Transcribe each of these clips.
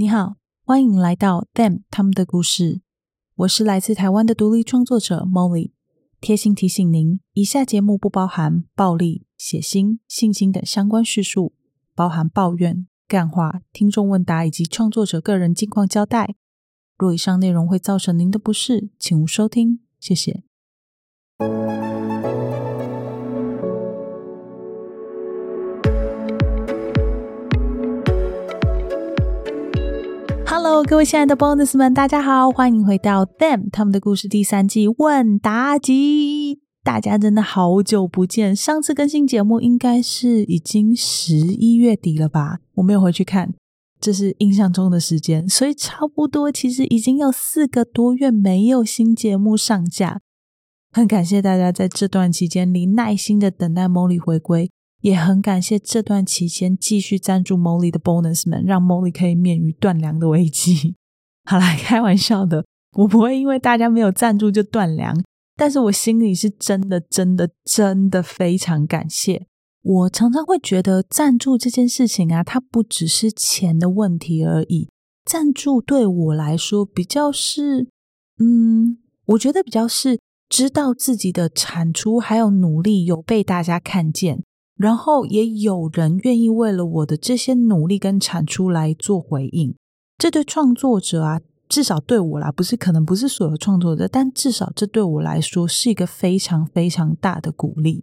你好，歡迎來到 them 他們的故事。我是來自台灣的獨立創作者 Molly。貼心提醒您，以下節目不包含暴力、血腥、性侵等相關敘述，包含抱怨、幹話、聽眾問答以及創作者個人近況交代。若以上內容會造成您的不適，請勿收聽。謝謝。各位親愛的 bonus 們，大家好，歡迎回到 Them 他們的故事第三季問答集。大家真的好久不見，上次更新節目應該是已經十一月底了吧？我沒有回去看，這是印象中的時間，所以差不多其實已經有四個多月沒有新節目上架。很感謝大家在這段期間裡耐心的等待 Molly 回歸。也很感謝這段期間繼續贊助 Molly 的 bonus 們，讓 Molly 可以免於斷糧的危機。好啦，開玩笑的，我不會因為大家沒有贊助就斷糧，但是我心裡是真的、真的、真的非常感謝。我常常會覺得贊助這件事情啊，它不只是錢的問題而已。贊助對我來說，比較是，嗯，我覺得比較是知道自己的產出還有努力有被大家看見。然後也有人願意為了我的這些努力跟產出來做回應，這對創作者啊，至少對我啦，不是，可能不是所有創作者，但至少這對我來說是一個非常非常大的鼓勵。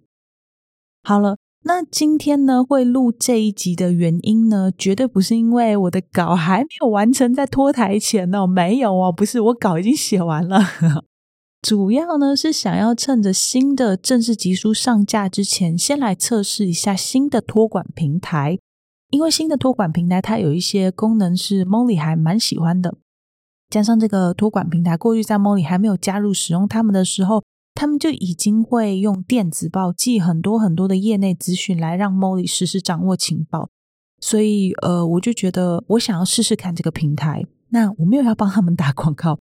好了，那今天呢會錄這一集的原因呢，絕對不是因為我的稿還沒有完成，在拖台前哦，沒有哦，不是，我稿已經寫完了。 主要呢是想要趁着新的正式集數上架之前，先來測試一下新的托管平台，因為新的托管平台它有一些功能是 Molly 還蠻喜歡的。加上這個托管平台過去在 Molly 還沒有加入使用他們的時候，他們就已經會用電子報寄很多很多的業內資訊來讓 Molly 實時掌握情報，所以呃，我就覺得我想要試試看這個平台。那我沒有要幫他們打廣告。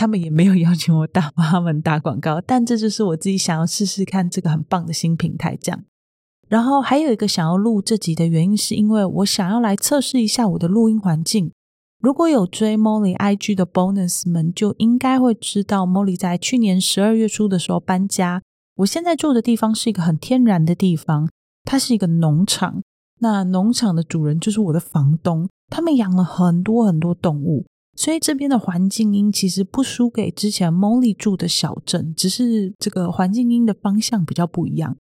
他們也沒有邀請我打他們打廣告，但這就是我自己想要試試看這個很棒的新平台，這樣。然後還有一個想要錄這集的原因，是因為我想要來測試一下我的錄音環境。如果有追 Molly IG 的 bonus 們，就應該會知道 Molly 在去年十二月初的時候搬家。我現在住的地方是一個很天然的地方，它是一個農場。那農場的主人就是我的房東，他們養了很多很多動物。所以這邊的環境音其實不輸給之前 Molly 住的小鎮，只是這個環境音的方向比較不一樣。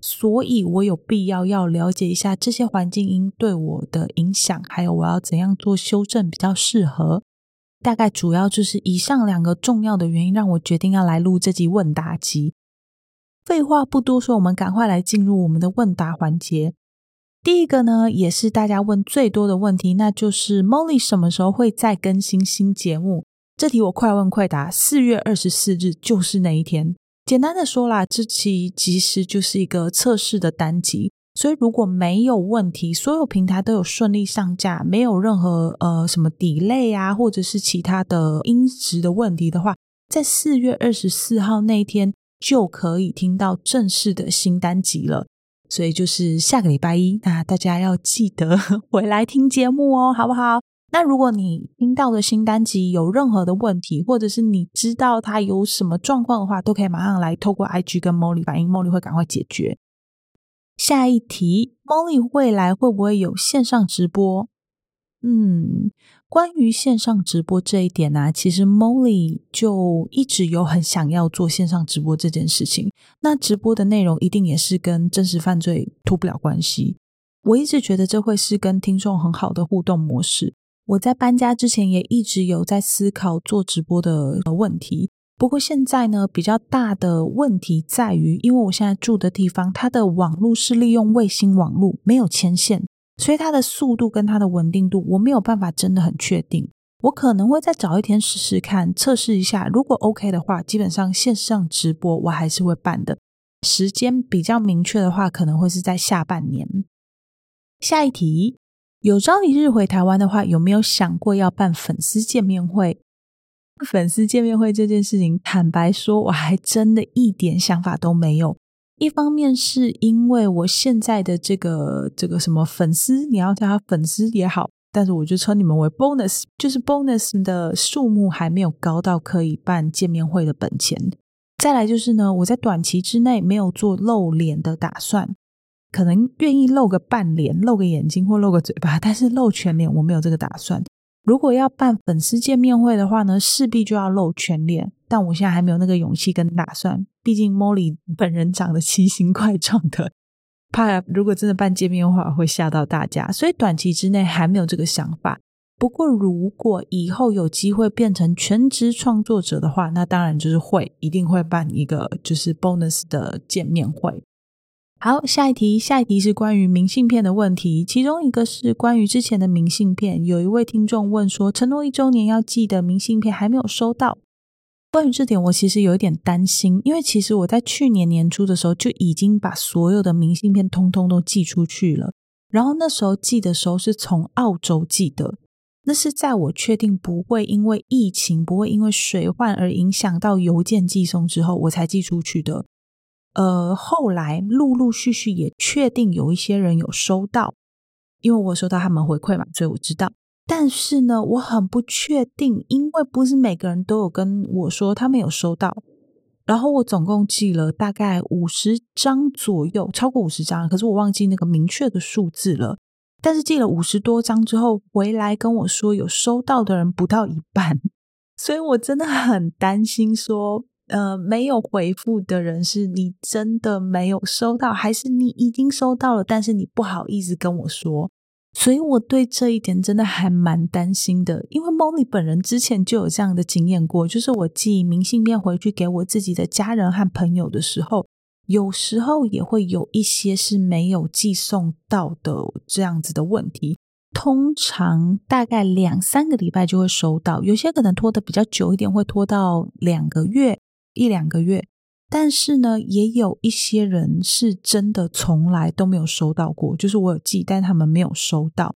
所以我有必要要了解一下這些環境音對我的影響，還有我要怎樣做修正比較適合。大概主要就是以上兩個重要的原因，讓我決定要來錄這集問答集。廢話不多說，我們趕快來進入我們的問答環節。第一個呢，也是大家問最多的問題，那就是 Molly 什麼時候會再更新新節目？這題我快問快答，四月二十四日就是那一天。簡單的說啦，這期其實就是一個測試的單集，所以如果沒有問題，所有平台都有順利上架，沒有任何呃什麼 delay 啊，或者是其他的音質的問題的話，在四月二十四號那一天就可以聽到正式的新單集了。所以就是下個禮拜一，那大家要記得回來聽節目哦，好不好？那如果你聽到的新單集有任何的問題，或者是你知道他有什麼狀況的話，都可以馬上來透過 IG 跟 Molly 反映，Molly 會趕快解決。下一題，Molly 未來會不會有線上直播？嗯。關於線上直播這一點啊，其實 Molly 就一直有很想要做線上直播這件事情。那直播的內容一定也是跟真實犯罪脫不了關係。我一直覺得這會是跟聽眾很好的互動模式。我在搬家之前也一直有在思考做直播的問題。不過現在呢，比較大的問題在於，因為我現在住的地方，它的網絡是利用衛星網絡，沒有牽線。所以它的速度跟它的穩定度，我沒有辦法真的很確定。我可能會再找一天試試看，測試一下。如果 OK 的話，基本上線上直播我還是會辦的。時間比較明確的話，可能會是在下半年。下一題，有朝一日回台灣的話，有沒有想過要辦粉絲見面會？粉絲見面會這件事情，坦白說，我還真的一點想法都沒有。一方面是因為我現在的這個這個什麼粉絲，你要叫他粉絲也好，但是我就稱你們為 bonus，就是 bonus 的數目還沒有高到可以辦見面會的本錢。再來就是呢，我在短期之內沒有做露臉的打算，可能願意露個半臉、露個眼睛或露個嘴巴，但是露全臉我沒有這個打算。如果要辦粉絲見面會的話呢，勢必就要露全臉，但我現在還沒有那個勇氣跟打算。畢竟 Molly 本人長得奇形怪狀的，怕如果真的辦見面會的話會嚇到大家，所以短期之內還沒有這個想法。不過如果以後有機會變成全職創作者的話，那當然就是會，一定會辦一個就是 bonus 的見面會。好，下一題，下一題是關於明信片的問題，其中一個是關於之前的明信片，有一位聽眾問說，承諾一周年要寄的明信片還沒有收到。關於這點，我其實有一點擔心，因為其實我在去年年初的時候就已經把所有的明信片通通都寄出去了。然後那時候寄的時候是從澳洲寄的，那是在我確定不會因為疫情、不會因為水患而影響到郵件寄送之後，我才寄出去的。呃，後來陸陸續續也確定有一些人有收到，因為我收到他們回饋嘛，所以我知道。但是呢，我很不確定，因為不是每個人都有跟我說他們有收到。然後我總共寄了大概五十張左右，超過五十張，可是我忘記那個明確的數字了。但是寄了五十多張之後，回來跟我說有收到的人不到一半，所以我真的很擔心說，說呃，沒有回復的人是你真的沒有收到，還是你已經收到了，但是你不好意思跟我說？所以我對這一點真的還蠻擔心的，因為 Molly 本人之前就有這樣的經驗過，就是我寄明信片回去給我自己的家人和朋友的時候，有時候也會有一些是沒有寄送到的這樣子的問題。通常大概兩三個禮拜就會收到，有些可能拖的比較久一點，會拖到兩個月，一兩個月。但是呢，也有一些人是真的從來都沒有收到過，就是我有寄，但他們沒有收到。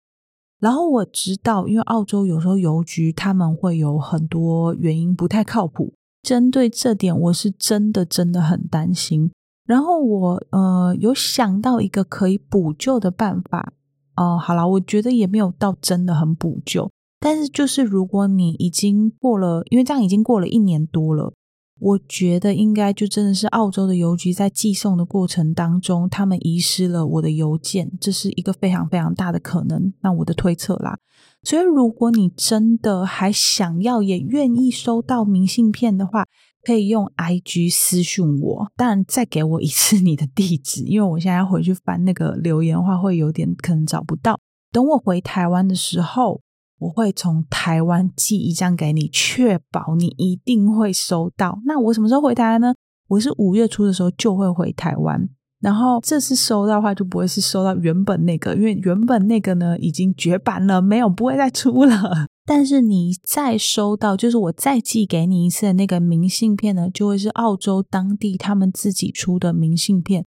然後我知道，因為澳洲有時候郵局他們會有很多原因不太靠譜。針對這點，我是真的真的很擔心。然後我呃有想到一個可以補救的辦法。哦，呃，好啦，我覺得也沒有到真的很補救。但是就是如果你已經過了，因為這樣已經過了一年多了。我覺得應該就真的是澳洲的郵局在寄送的過程當中，他們遺失了我的郵件，這是一個非常非常大的可能。那我的推測啦，所以如果你真的還想要也願意收到明信片的話，可以用 IG 私訊我，但再給我一次你的地址，因為我現在要回去翻那個留言的話，會有點可能找不到。等我回台灣的時候。我會從台灣寄一張給你，確保你一定會收到。那我什麼時候回台灣呢？我是五月初的時候就會回台灣，然後這次收到的話就不會是收到原本那個，因為原本那個呢已經絕版了，沒有，不會再出了。 但是你再收到，就是我再寄給你一次的那個明信片呢，就會是澳洲當地他們自己出的明信片。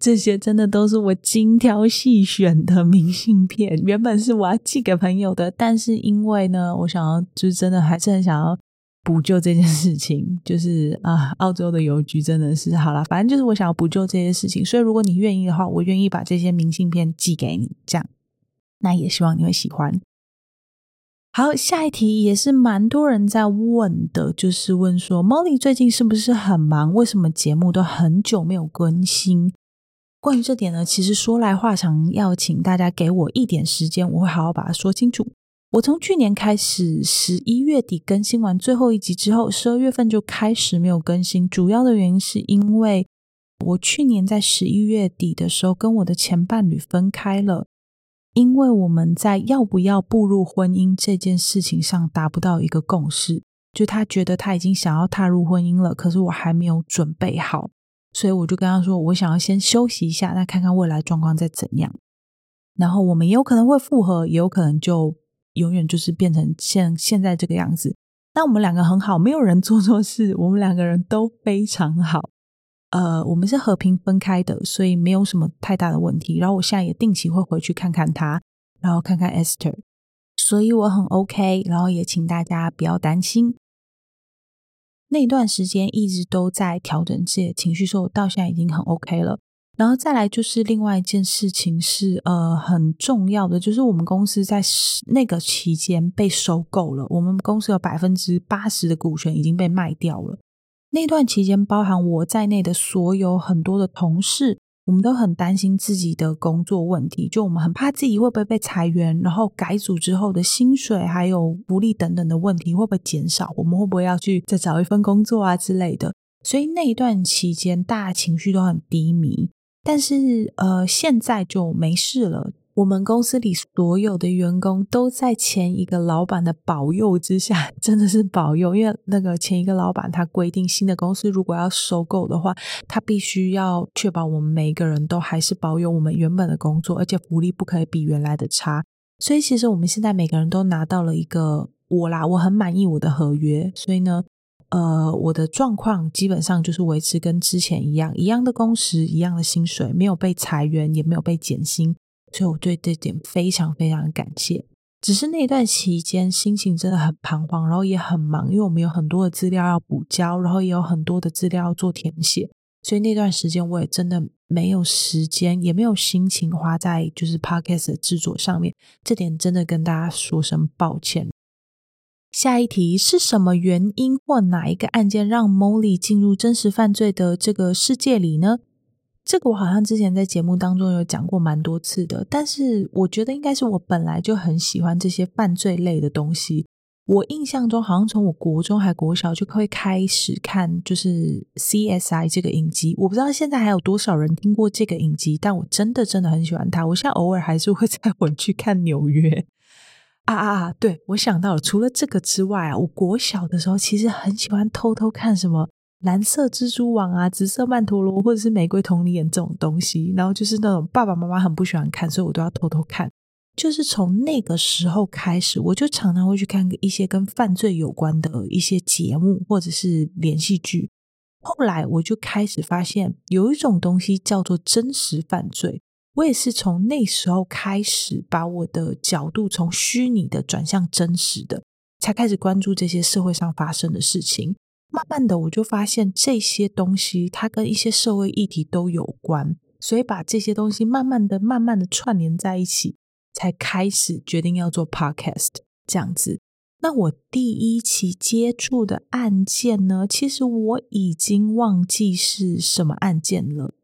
這些真的都是我精挑細選的明信片，原本是我要寄給朋友的，但是因為呢，我想要就是真的還是很想要補救這件事情，就是啊，澳洲的郵局真的是好啦，反正就是我想要補救這些事情，所以如果你願意的話，我願意把這些明信片寄給你，這樣那也希望你會喜歡。好，下一題也是蠻多人在問的，就是問說，Molly 最近是不是很忙？為什麼節目都很久沒有更新？關於這點呢，其實說來話長，要請大家給我一點時間，我會好好把它說清楚。我從去年開始，十一月底更新完最後一集之後，十二月份就開始沒有更新。主要的原因是因為我去年在十一月底的時候跟我的前伴侶分開了，因為我們在要不要步入婚姻這件事情上達不到一個共識。就他覺得他已經想要踏入婚姻了，可是我還沒有準備好。所以我就跟他說，我想要先休息一下，那看看未來狀況再怎樣。然後我們也有可能會復合，也有可能就永遠就是變成現現在這個樣子。那我們兩個很好，沒有人做錯事，我們兩個人都非常好。呃，我們是和平分開的，所以沒有什麼太大的問題。然後我現在也定期會回去看看他，然後看看 Esther。所以我很 OK，然後也請大家不要擔心。那一段時間一直都在調整自己的情緒，說我到現在已經很 OK 了。然後再來就是另外一件事情是，呃，很重要的，就是我們公司在那個期間被收購了，我們公司有百分之八十的股權已經被賣掉了。那段期間，包含我在內的所有很多的同事。我們都很擔心自己的工作問題，就我們很怕自己會不會被裁員，然後改組之後的薪水，還有福利等等的問題會不會減少，我們會不會要去再找一份工作啊之類的。所以那一段期間，大家情緒都很低迷。但是，呃，現在就沒事了。我們公司裡所有的員工都在前一個老闆的保佑之下，真的是保佑。因為那個前一個老闆他規定，新的公司如果要收購的話，他必須要確保我們每一個人都還是保有我們原本的工作，而且福利不可以比原來的差。所以其實我們現在每個人都拿到了一個我啦，我很滿意我的合約。所以呢，呃，我的狀況基本上就是維持跟之前一樣，一樣的工時、一樣的薪水，沒有被裁員，也沒有被減薪。所以，我對這點非常非常感謝。只是那段期間，心情真的很彷徨，然後也很忙，因為我們有很多的資料要補交，然後也有很多的資料要做填寫。所以那段時間，我也真的沒有時間，也沒有心情花在就是 podcast 的製作上面。這點真的跟大家說聲抱歉。下一題是什麼原因或哪一個案件讓 Molly 進入真實犯罪的這個世界裡呢？這個我好像之前在節目當中有講過蠻多次的，但是我覺得應該是我本來就很喜歡這些犯罪類的東西。我印象中好像從我國中還國小就會開始看，就是 CSI 這個影集。我不知道現在還有多少人聽過這個影集，但我真的真的很喜歡它。我現在偶爾還是會再回去看紐約。啊啊啊！對，我想到了，除了這個之外啊，我國小的時候其實很喜歡偷偷看什麼。藍色蜘蛛網啊，紫色曼陀羅，或者是玫瑰瞳鈴眼這種東西，然後就是那種爸爸媽媽很不喜歡看，所以我都要偷偷看。就是從那個時候開始，我就常常會去看一些跟犯罪有關的一些節目或者是連續劇。後來我就開始發現有一種東西叫做真實犯罪。我也是從那時候開始，把我的角度從虛擬的轉向真實的，才開始關注這些社會上發生的事情。慢慢的，我就發現這些東西它跟一些社會議題都有關，所以把這些東西慢慢的、慢慢的串聯在一起，才開始決定要做 podcast 這樣子。那我第一期接觸的案件呢，其實我已經忘記是什麼案件了，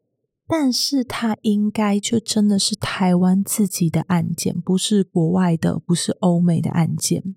但是它應該就真的是台灣自己的案件，不是國外的，不是歐美的案件。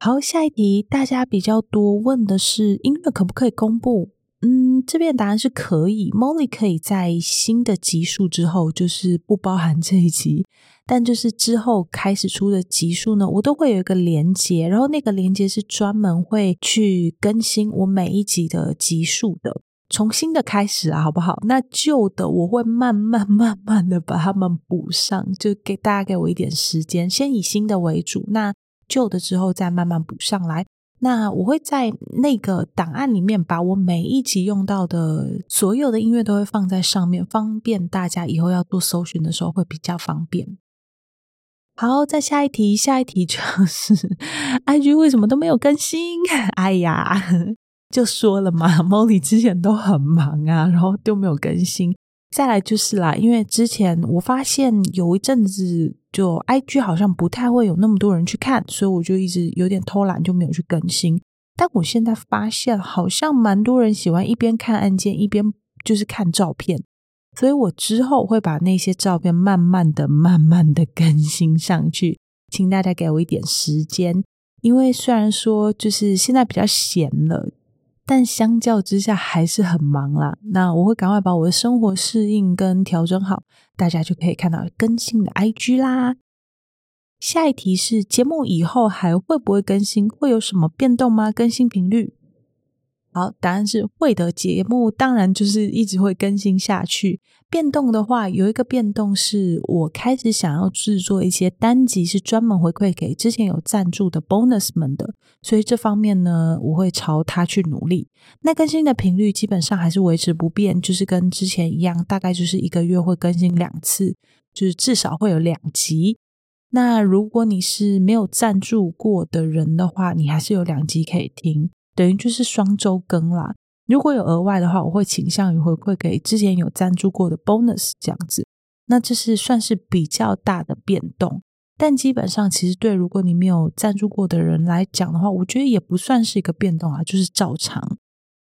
好，下一題大家比較多問的是音樂可不可以公布？嗯，這邊答案是可以，Molly 可以在新的集數之後，就是不包含這一集，但就是之後開始出的集數呢，我都會有一個連結，然後那個連結是專門會去更新我每一集的集數的，從新的開始啊，好不好？那舊的我會慢慢慢慢的把它們補上，就給大家給我一點時間，先以新的為主。那舊的之後，再慢慢補上來。那我會在那個檔案裡面把我每一集用到的所有的音樂都會放在上面，方便大家以後要多搜尋的時候會比較方便。好，再下一題，下一題就是 ，IG 為什麼都沒有更新？哎呀，就說了嘛，Molly 之前都很忙啊，然後就沒有更新。再來就是啦，因為之前我發現有一陣子。就 IG 好像不太會有那麼多人去看，所以我就一直有點偷懶，就沒有去更新。但我現在發現，好像蠻多人喜歡一邊看案件，一邊就是看照片，所以我之後會把那些照片慢慢的、慢慢的更新上去，請大家給我一點時間，因為雖然說就是現在比較閒了。但相較之下還是很忙啦，那我會趕快把我的生活適應跟調整好，大家就可以看到更新的 IG 啦。下一題是，節目以後還會不會更新？會有什麼變動嗎？更新頻率。好，答案是會的。節目當然就是一直會更新下去。變動的話，有一個變動是我開始想要製作一些單集，是專門回饋給之前有贊助的 bonus 們的。所以這方面呢，我會朝他去努力。那更新的頻率基本上還是維持不變，就是跟之前一樣，大概就是一個月會更新兩次，就是至少會有兩集。那如果你是沒有贊助過的人的話，你還是有兩集可以聽。等於就是雙週更啦。如果有額外的話，我會傾向於回饋給之前有贊助過的 Bonus 這樣子。那這是算是比較大的變動，但基本上其實對如果你沒有贊助過的人來講的話，我覺得也不算是一個變動啊，就是照常。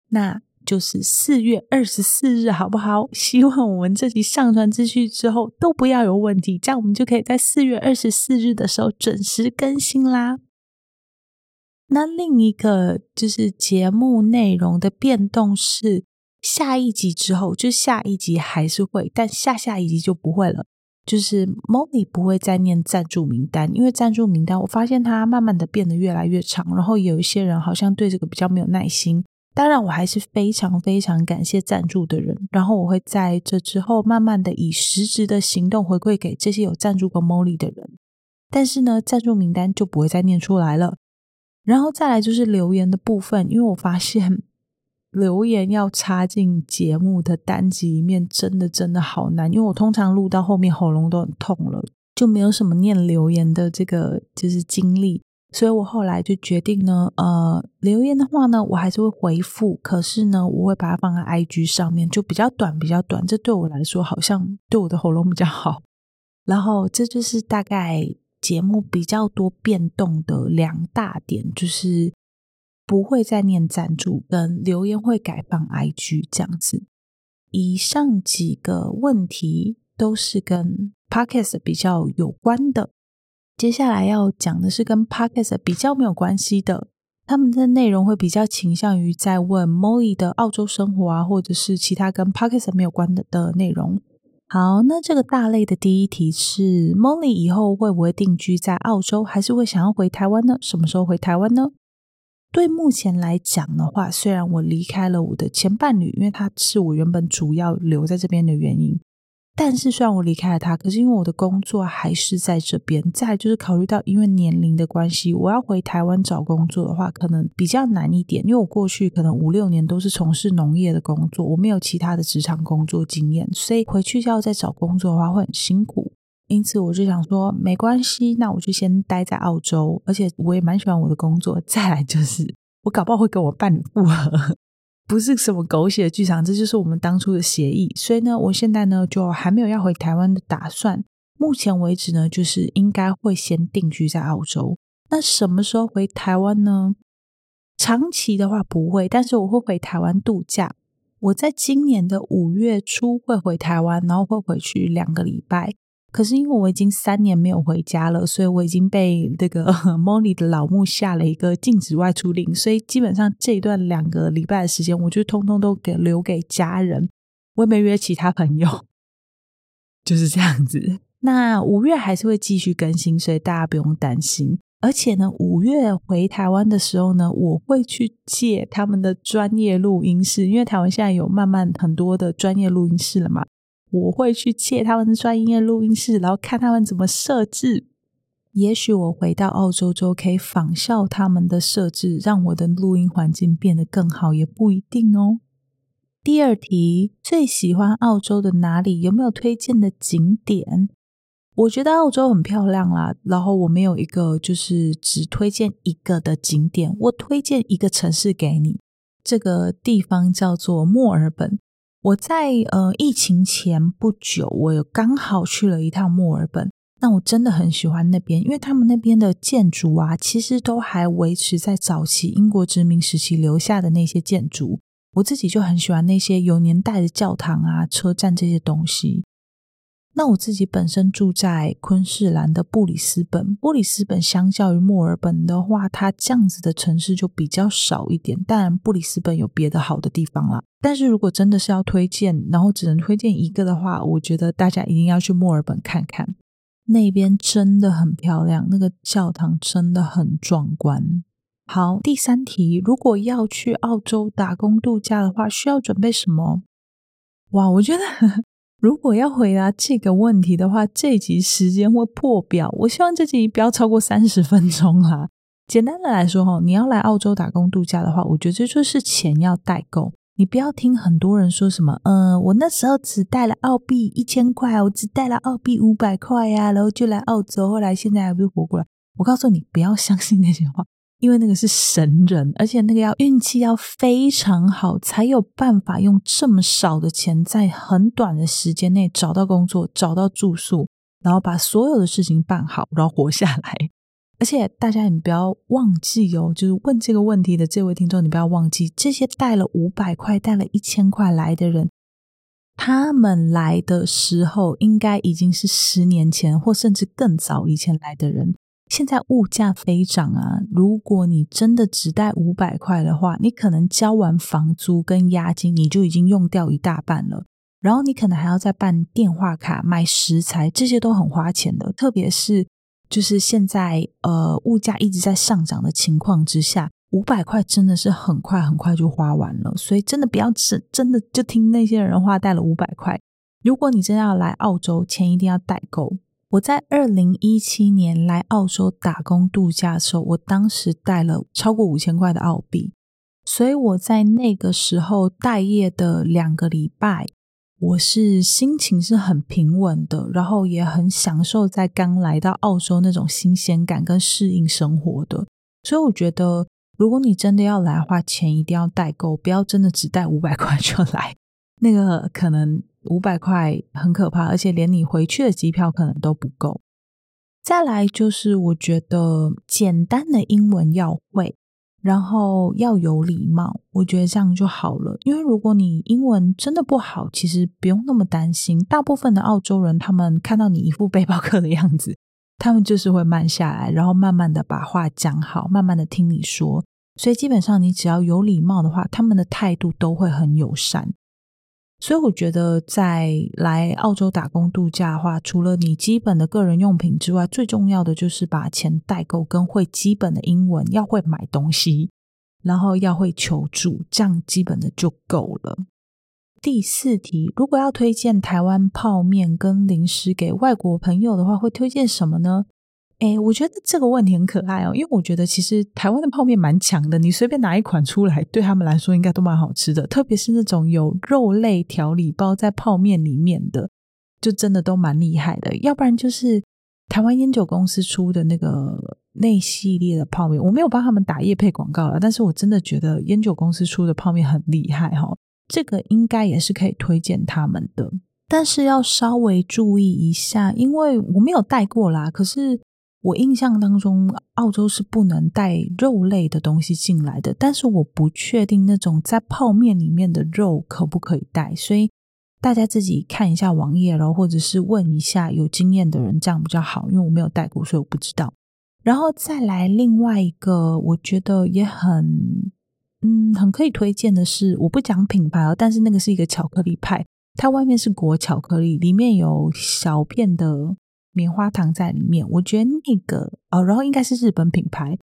那就是四月二十四日，好不好？希望我們這期上傳資訊之後都不要有問題，這樣我們就可以在四月二十四日的時候準時更新啦。那另一個就是節目內容的變動，是下一集之後，就下一集還是會，但下下一集就不會了。就是 Molly 不會再念贊助名單，因為贊助名單我發現它慢慢的變得越來越長，然後有一些人好像對這個比較沒有耐心。當然，我還是非常非常感謝贊助的人，然後我會在這之後慢慢的以實質的行動回饋給這些有贊助過 Molly 的人。但是呢，贊助名單就不會再念出來了。然後再來就是留言的部分，因為我發現留言要插進節目的單集裡面，真的真的好難。因為我通常錄到後面喉嚨都很痛了，就沒有什麼念留言的這個就是精力，所以我後來就決定呢，呃，留言的話呢，我還是會回覆，可是呢，我會把它放在 IG 上面，就比較短，比較短。這對我來說好像對我的喉嚨比較好。然後這就是大概。節目比較多變動的兩大點就是，不會再念贊助，跟留言會改放 IG 這樣子。以上幾個問題都是跟 Podcast 比較有關的。接下來要講的是跟 Podcast 比較沒有關係的，他們的內容會比較傾向於在問 Molly 的澳洲生活啊，或者是其他跟 Podcast 沒有關的的內容。好，那這個大類的第一題是 Molly 以後會不會定居在澳洲，還是會想要回台灣呢？什麼時候回台灣呢？對目前來講的話，雖然我離開了我的前伴侶，因為他是我原本主要留在這邊的原因。但是，雖然我離開了他，可是因為我的工作還是在這邊，再來就是考慮到因為年齡的關係，我要回台灣找工作的話，可能比較難一點，因為我過去可能五六年都是從事農業的工作，我沒有其他的職場工作經驗，所以回去就要再找工作的話會很辛苦。因此，我就想說沒關係，那我就先待在澳洲，而且我也蠻喜歡我的工作。再來就是，我搞不好會跟我辦理復合。不是什麼狗血劇場，這就是我們當初的協議。所以呢，我現在呢就還沒有要回台灣的打算。目前為止呢，就是應該會先定居在澳洲。那什麼時候回台灣呢？長期的話不會，但是我會回台灣度假。我在今年的五月初會回台灣，然後會回去兩個禮拜。可是因為我已經三年沒有回家了，所以我已經被那個 Molly 的老母下了一個禁止外出令，所以基本上這一段兩個禮拜的時間，我就通通都給留給家人，我也沒約其他朋友，就是這樣子。那五月還是會繼續更新，所以大家不用擔心。而且呢，五月回台灣的時候呢，我會去借他們的專業錄音室，因為台灣現在有慢慢很多的專業錄音室了嘛。我會去借他們的專業錄音室，然後看他們怎麼設置。也許我回到澳洲之後可以仿效他們的設置，讓我的錄音環境變得更好，也不一定哦。第二題，最喜歡澳洲的哪裡？有沒有推薦的景點？我覺得澳洲很漂亮啦。然後我沒有一個，就是只推薦一個的景點。我推薦一個城市給你，這個地方叫做墨爾本。我在呃疫情前不久，我有剛好去了一趟墨爾本，那我真的很喜歡那邊，因為他們那邊的建築啊，其實都還維持在早期英國殖民時期留下的那些建築。我自己就很喜歡那些有年代的教堂啊、車站這些東西。那我自己本身住在昆士蘭的布里斯本，布里斯本相較於墨爾本的話，它這樣子的城市就比較少一點。當然，布里斯本有別的好的地方啦。但是如果真的是要推薦，然後只能推薦一個的話，我覺得大家一定要去墨爾本看看，那邊真的很漂亮，那個教堂真的很壯觀。好，第三題，如果要去澳洲打工度假的話，需要準備什麼？哇，我覺得。如果要回答這個問題的話，這集時間會破表。我希望這集不要超過三十分鐘啦。簡單的來說，哈，你要來澳洲打工度假的話，我覺得這就是錢要帶夠。你不要聽很多人說什麼，呃，我那時候只帶了澳幣一千塊，我只帶了澳幣五百塊呀，啊，然後就來澳洲，後來現在還不是活過來。我告訴你，不要相信那些話。因為那個是神人，而且那個要運氣要非常好，才有辦法用這麼少的錢，在很短的時間內找到工作、找到住宿，然後把所有的事情辦好，然後活下來。而且大家你不要忘記哦，就是問這個問題的這位聽眾，你不要忘記這些帶了五百塊、帶了一千塊來的人，他們來的時候應該已經是十年前或甚至更早以前來的人。現在物價飛漲啊！如果你真的只帶五百塊的話，你可能交完房租跟押金，你就已經用掉一大半了。然後你可能還要再辦電話卡、買食材，這些都很花錢的。特別是，就是現在呃，物價一直在上漲的情況之下，五百塊真的是很快很快就花完了。所以真的不要真真的就聽那些人話，帶了五百塊。如果你真的要來澳洲，錢一定要帶夠。我在二零一七年來澳洲打工度假的時候，我當時帶了超過五千塊的澳幣，所以我在那個時候待業的兩個禮拜，我是心情是很平穩的，然後也很享受在剛來到澳洲那種新鮮感跟適應生活的。所以我覺得，如果你真的要來的話，錢一定要帶夠，不要真的只帶五百塊就來，那個可能。五百塊很可怕，而且連你回去的機票可能都不夠。再來就是，我覺得簡單的英文要會，然後要有禮貌，我覺得這樣就好了。因為如果你英文真的不好，其實不用那麼擔心。大部分的澳洲人，他們看到你一副背包客的樣子，他們就是會慢下來，然後慢慢的把話講好，慢慢的聽你說。所以基本上，你只要有禮貌的話，他們的態度都會很友善。所以我覺得，在來澳洲打工度假的話，除了你基本的個人用品之外，最重要的就是把錢帶夠跟會基本的英文，要會買東西，然後要會求助，這樣基本的就夠了。第四題，如果要推薦台灣泡麵跟零食給外國朋友的話，會推薦什麼呢？哎、欸，我覺得這個問題很可愛哦，因為我覺得其實台灣的泡麵蠻強的，你隨便拿一款出來，對他們來說應該都蠻好吃的。特別是那種有肉類調理包在泡麵裡面的，就真的都蠻厲害的。要不然就是台灣菸酒公司出的那個那系列的泡麵，我沒有幫他們打業配廣告了，但是我真的覺得菸酒公司出的泡麵很厲害哈、哦，這個應該也是可以推薦他們的，但是要稍微注意一下，因為我沒有帶過啦，可是。我印象當中，澳洲是不能帶肉類的東西進來的，但是我不確定那種在泡麵裡面的肉可不可以帶，所以大家自己看一下網頁，然後或者是問一下有經驗的人，這樣比較好，因為我沒有帶過，所以我不知道。然後再來另外一個，我覺得也很嗯，很可以推薦的是，我不講品牌哦，但是那個是一個巧克力派，它外面是裹巧克力，裡面有小片的。棉花糖在裡面，我覺得那個哦，然後應該是日本品牌。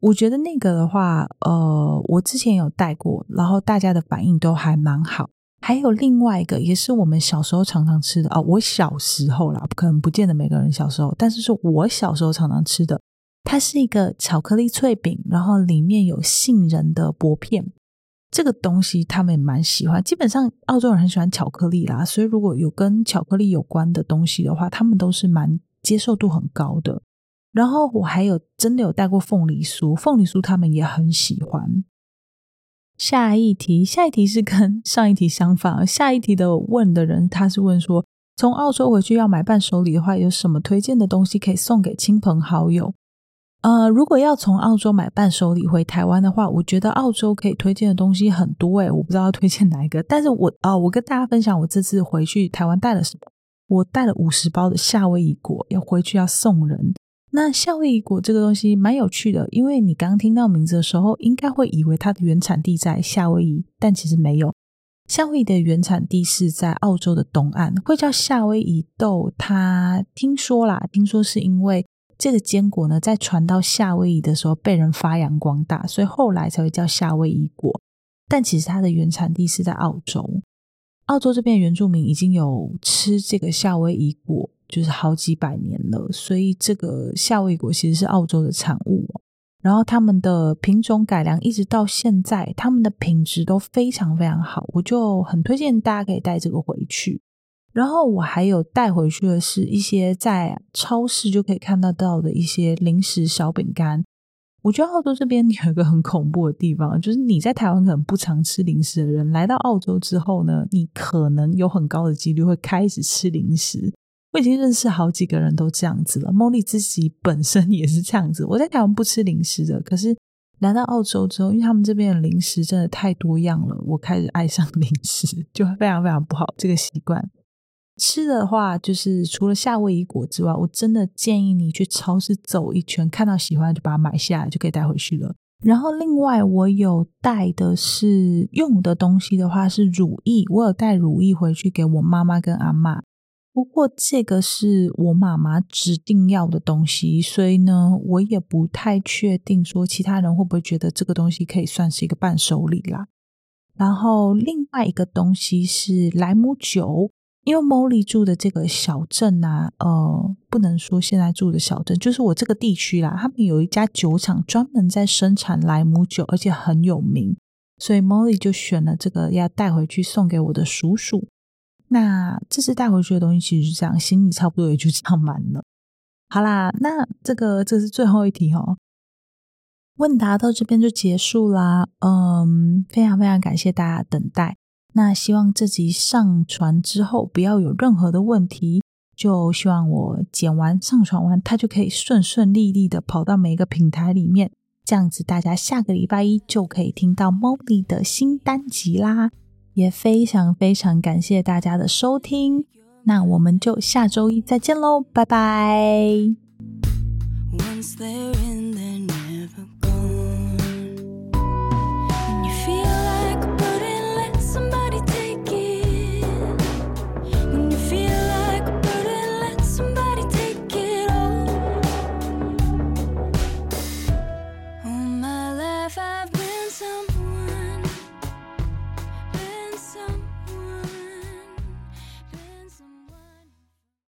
我覺得那個的話，呃，我之前有帶過，然後大家的反應都還蠻好。還有另外一個，也是我們小時候常常吃的哦，我小時候啦，可能不見得每個人小時候，但是是我小時候常常吃的。它是一個巧克力脆餅，然後裡面有杏仁的薄片。這個東西他們也蠻喜歡，基本上澳洲人很喜歡巧克力啦，所以如果有跟巧克力有關的東西的話，他們都是蠻接受度很高的。然後我還有真的有帶過鳳梨酥，鳳梨酥他們也很喜歡。下一題，下一題是跟上一題相反啊，下一題的問的人他是問說，從澳洲回去要買伴手禮的話，有什麼推薦的東西可以送給親朋好友？呃，如果要從澳洲買伴手禮回台灣的話，我覺得澳洲可以推薦的東西很多誒，我不知道要推薦哪一個。但是我啊，我跟大家分享我這次回去台灣帶了什麼。我帶了五十包的夏威夷果，要回去要送人。那夏威夷果這個東西蠻有趣的，因為你剛聽到名字的時候，應該會以為它的原產地在夏威夷，但其實沒有。夏威夷的原產地是在澳洲的東岸，會叫夏威夷豆。它聽說啦，聽說是因為。這個堅果呢，在傳到夏威夷的時候被人發揚光大，所以後來才會叫夏威夷果。但其實它的原產地是在澳洲，澳洲這邊原住民已經有吃這個夏威夷果，就是好幾百年了。所以這個夏威夷果其實是澳洲的產物。然後他們的品種改良一直到現在，他們的品質都非常非常好，我就很推薦大家可以帶這個回去。然後我還有帶回去的是一些在超市就可以看得到、到的一些零食小餅乾。我覺得澳洲這邊有一個很恐怖的地方，就是你在台灣可能不常吃零食的人，來到澳洲之後呢，你可能有很高的幾率會開始吃零食。我已經認識好幾個人都這樣子了，莫莉自己本身也是這樣子。我在台灣不吃零食的，可是來到澳洲之後，因為他們這邊的零食真的太多樣了，我開始愛上零食，就非常非常不好這個習慣。吃的話，就是除了夏威夷果之外，我真的建議你去超市走一圈，看到喜歡就把它買下來，就可以帶回去了。然後另外，我有帶的是用的東西的話是乳液，我有帶乳液回去給我媽媽跟阿媽。不過這個是我媽媽指定要的東西，所以呢，我也不太確定說其他人會不會覺得這個東西可以算是一個伴手禮啦。然後另外一個東西是萊姆酒。因為 Molly 住的這個小鎮啊，呃，不能說現在住的小鎮，就是我這個地區啦。他們有一家酒廠專門在生產萊姆酒，而且很有名，所以 Molly 就選了這個要帶回去送給我的叔叔。那這次帶回去的東西其實是這樣，行李差不多也就這樣滿了。好啦，那這個，這是最後一題哦，問答到這邊就結束啦。嗯，非常非常感謝大家的等待。那希望這集上傳之後不要有任何的問題，就希望我剪完，上傳完，它就可以順順利利的跑到每個平台裡面。這樣子，大家下個禮拜一就可以聽到 Molly 的新單集啦！也非常非常感謝大家的收聽，那我們就下周一再見嘍，拜拜。Once